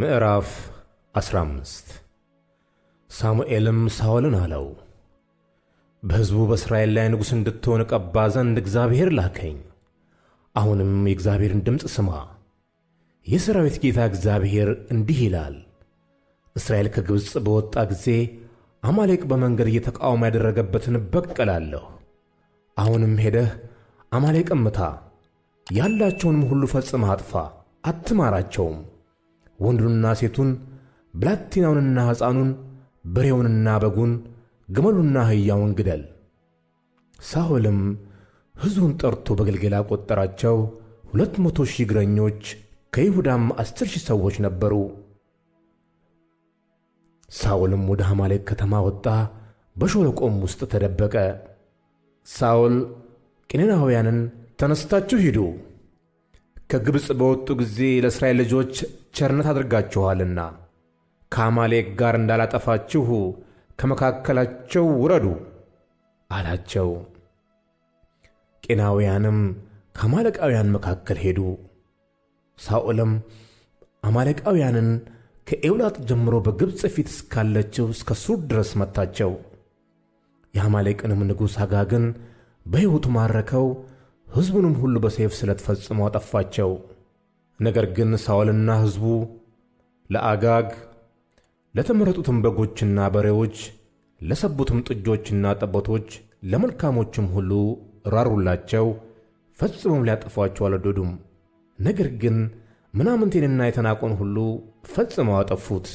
ምዕራፍ 15 ሳሙኤልም ሳውልን አለው፣ በሕዝቡ በእስራኤል ላይ ንጉሥ እንድትሆን ቀባ ዘንድ እግዚአብሔር ላከኝ። አሁንም የእግዚአብሔርን ድምፅ ስማ። የሠራዊት ጌታ እግዚአብሔር እንዲህ ይላል፣ እስራኤል ከግብፅ በወጣ ጊዜ አማሌቅ በመንገድ እየተቃወመ ያደረገበትን እበቀላለሁ። አሁንም ሄደህ አማሌቅን ምታ፣ ያላቸውንም ሁሉ ፈጽመ አጥፋ፣ አትማራቸውም ወንዱንና ሴቱን፣ ብላቴናውንና ሕፃኑን፣ በሬውንና በጉን፣ ግመሉና አህያውን ግደል። ሳኦልም ሕዝቡን ጠርቶ በገልገላ ቈጠራቸው። ሁለት መቶ ሺህ እግረኞች ከይሁዳም አስር ሺህ ሰዎች ነበሩ። ሳኦልም ወደ አማሌቅ ከተማ ወጣ፣ በሾለቆም ውስጥ ተደበቀ። ሳኦል ቄኔናውያንን ተነስታችሁ ሂዱ፣ ከግብፅ በወጡ ጊዜ ለእስራኤል ልጆች ቸርነት አድርጋችኋልና ከአማሌቅ ጋር እንዳላጠፋችሁ ከመካከላቸው ውረዱ አላቸው። ቄናውያንም ከአማሌቃውያን መካከል ሄዱ። ሳኦልም አማሌቃውያንን ከኤውላጥ ጀምሮ በግብፅ ፊት እስካለችው እስከ ሱር ድረስ መታቸው። የአማሌቅንም ንጉሥ አጋግን በሕይወቱ ማረከው። ሕዝቡንም ሁሉ በሰይፍ ስለት ፈጽሞ አጠፋቸው። ነገር ግን ሳኦልና ሕዝቡ ለአጋግ ለተመረጡትም በጎችና በሬዎች፣ ለሰቡትም ጥጆችና ጠቦቶች፣ ለመልካሞችም ሁሉ ራሩላቸው፣ ፈጽሞም ሊያጠፏቸው አልወደዱም። ነገር ግን ምናምንቴንና የተናቆን ሁሉ ፈጽመው አጠፉት።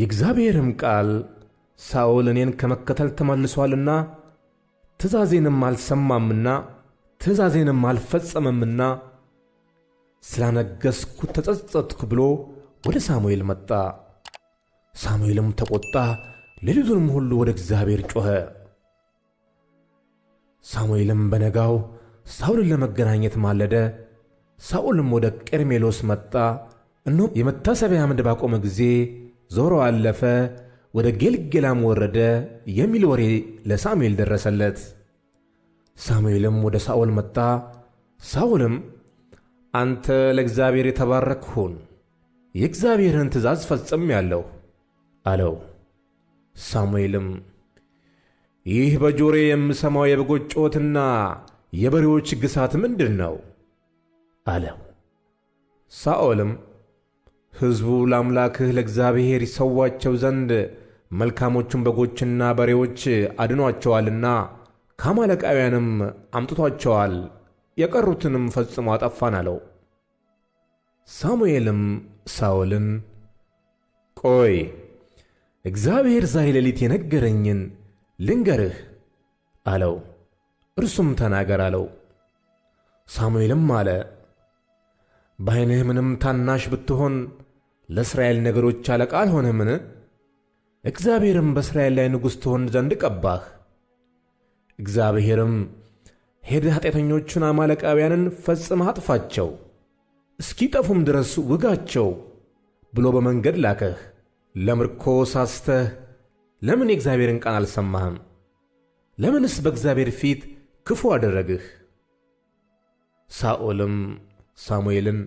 የእግዚአብሔርም ቃል ሳኦል እኔን ከመከተል ተመልሷልና ትእዛዜንም አልሰማምና ትእዛዜንም አልፈጸመምና ስላነገስኩ ተጸጸትኩ ብሎ ወደ ሳሙኤል መጣ። ሳሙኤልም ተቆጣ፣ ሌሊቱንም ሁሉ ወደ እግዚአብሔር ጮኸ። ሳሙኤልም በነጋው ሳውልን ለመገናኘት ማለደ። ሳኦልም ወደ ቀርሜሎስ መጣ። እነሆም የመታሰቢያ ምድ ባቆመ ጊዜ ዞሮ አለፈ፣ ወደ ጌልጌላም ወረደ የሚል ወሬ ለሳሙኤል ደረሰለት። ሳሙኤልም ወደ ሳኦል መጣ። ሳኦልም አንተ ለእግዚአብሔር የተባረክ ሁን፣ የእግዚአብሔርን ትእዛዝ ፈጽም ያለው አለው። ሳሙኤልም ይህ በጆሬ የምሰማው የበጎች ጮትና የበሬዎች ግሳት ምንድን ነው? አለው። ሳኦልም ሕዝቡ ለአምላክህ ለእግዚአብሔር ይሰዋቸው ዘንድ መልካሞቹን በጎችና በሬዎች አድኗቸዋልና ከአማለቃውያንም አምጥቷቸዋል የቀሩትንም ፈጽሞ አጠፋን አለው። ሳሙኤልም ሳውልን ቆይ እግዚአብሔር ዛሬ ሌሊት የነገረኝን ልንገርህ አለው። እርሱም ተናገር አለው። ሳሙኤልም አለ በዓይንህ ምንም ታናሽ ብትሆን ለእስራኤል ነገሮች አለቃ አልሆንህምን? እግዚአብሔርም በእስራኤል ላይ ንጉሥ ትሆን ዘንድ ቀባህ። እግዚአብሔርም ሄደ ኃጢአተኞቹን አማለቃውያንን ፈጽመህ አጥፋቸው፣ እስኪጠፉም ድረስ ውጋቸው ብሎ በመንገድ ላከህ። ለምርኮ ሳስተህ ለምን የእግዚአብሔርን ቃል አልሰማህም? ለምንስ በእግዚአብሔር ፊት ክፉ አደረግህ? ሳኦልም ሳሙኤልን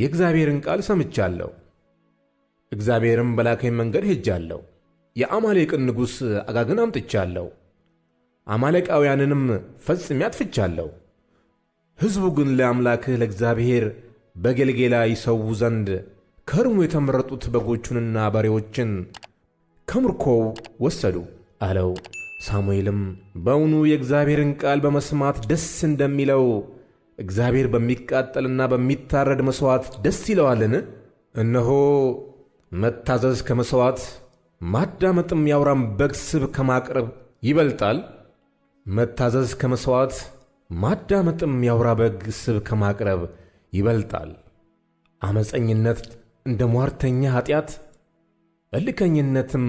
የእግዚአብሔርን ቃል ሰምቻለሁ፣ እግዚአብሔርም በላከኝ መንገድ ሄጃለሁ፣ የአማሌቅን ንጉሥ አጋግን አምጥቻለሁ አማለቃውያንንም ፈጽሜ አጥፍቻለሁ። ሕዝቡ ግን ለአምላክህ ለእግዚአብሔር በጌልጌላ ይሰዉ ዘንድ ከርሙ የተመረጡት በጎቹንና በሬዎችን ከምርኮው ወሰዱ አለው። ሳሙኤልም በውኑ የእግዚአብሔርን ቃል በመስማት ደስ እንደሚለው እግዚአብሔር በሚቃጠልና በሚታረድ መሥዋዕት ደስ ይለዋልን? እነሆ መታዘዝ ከመሥዋዕት ማዳመጥም ያውራም በግ ስብ ከማቅረብ ይበልጣል። መታዘዝ ከመሥዋዕት ማዳመጥም የአውራ በግ ስብ ከማቅረብ ይበልጣል። ዓመፀኝነት እንደ ሟርተኛ ኃጢአት፣ እልከኝነትም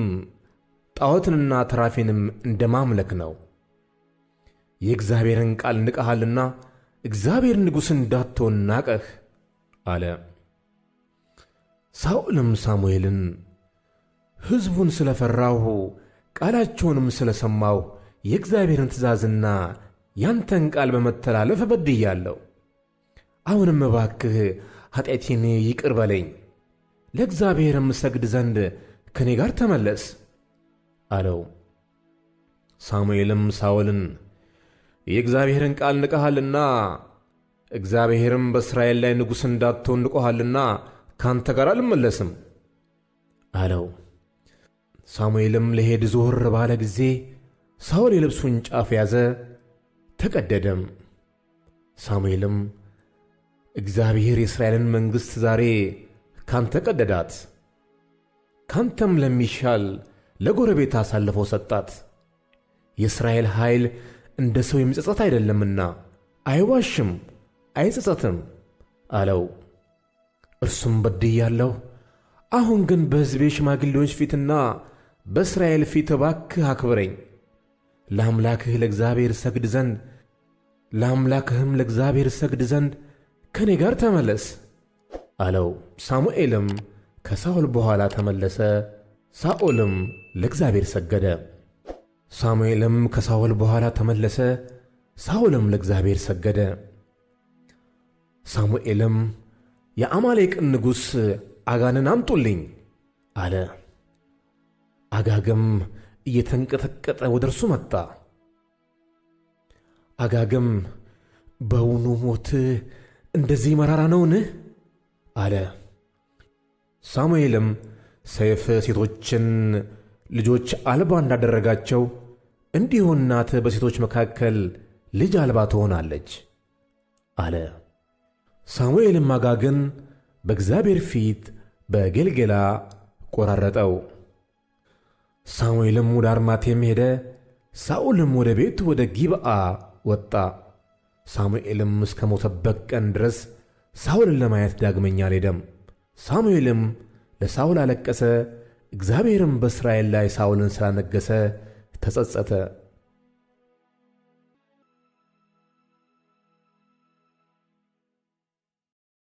ጣዖትንና ተራፊንም እንደ ማምለክ ነው። የእግዚአብሔርን ቃል ንቀሃልና እግዚአብሔር ንጉሥ እንዳትሆን ናቀህ አለ። ሳኦልም ሳሙኤልን ሕዝቡን ስለ ፈራሁ ቃላቸውንም ስለ ሰማሁ የእግዚአብሔርን ትእዛዝና ያንተን ቃል በመተላለፍ እበድያለሁ። አሁንም እባክህ ኃጢአቴን ይቅር በለኝ፣ ለእግዚአብሔርም እሰግድ ዘንድ ከእኔ ጋር ተመለስ አለው። ሳሙኤልም ሳውልን የእግዚአብሔርን ቃል ንቀሃልና እግዚአብሔርም በእስራኤል ላይ ንጉሥ እንዳትሆን ንቆሃልና ካንተ ጋር አልመለስም አለው። ሳሙኤልም ለሄድ ዞር ባለ ጊዜ ሳኦል የልብሱን ጫፍ ያዘ፣ ተቀደደም። ሳሙኤልም እግዚአብሔር የእስራኤልን መንግሥት ዛሬ ካንተ ቀደዳት፣ ካንተም ለሚሻል ለጎረቤት አሳልፎ ሰጣት። የእስራኤል ኃይል እንደ ሰው የሚጸጸት አይደለምና አይዋሽም፣ አይጸጸትም አለው። እርሱም በድያለሁ፣ አሁን ግን በሕዝቤ ሽማግሌዎች ፊትና በእስራኤል ፊት እባክህ አክብረኝ ለአምላክህ ለእግዚአብሔር ሰግድ ዘንድ ለአምላክህም ለእግዚአብሔር ሰግድ ዘንድ ከእኔ ጋር ተመለስ አለው። ሳሙኤልም ከሳኦል በኋላ ተመለሰ። ሳኦልም ለእግዚአብሔር ሰገደ። ሳሙኤልም ከሳኦል በኋላ ተመለሰ። ሳኦልም ለእግዚአብሔር ሰገደ። ሳሙኤልም የአማሌቅን ንጉሥ አጋንን አምጡልኝ አለ። አጋግም እየተንቀጠቀጠ ወደ እርሱ መጣ። አጋግም በውኑ ሞት እንደዚህ መራራ ነውን? አለ። ሳሙኤልም ሰይፍ ሴቶችን ልጆች አልባ እንዳደረጋቸው እንዲሁ እናት በሴቶች መካከል ልጅ አልባ ትሆናለች አለ። ሳሙኤልም አጋግን በእግዚአብሔር ፊት በጌልጌላ ቆራረጠው። ሳሙኤልም ወደ አርማቴም ሄደ። ሳኦልም ወደ ቤቱ ወደ ጊብአ ወጣ። ሳሙኤልም እስከ ሞተበት ቀን ድረስ ሳኦልን ለማየት ዳግመኛ አልሄደም። ሳሙኤልም ለሳኦል አለቀሰ። እግዚአብሔርም በእስራኤል ላይ ሳኦልን ስላነገሠ ተጸጸተ።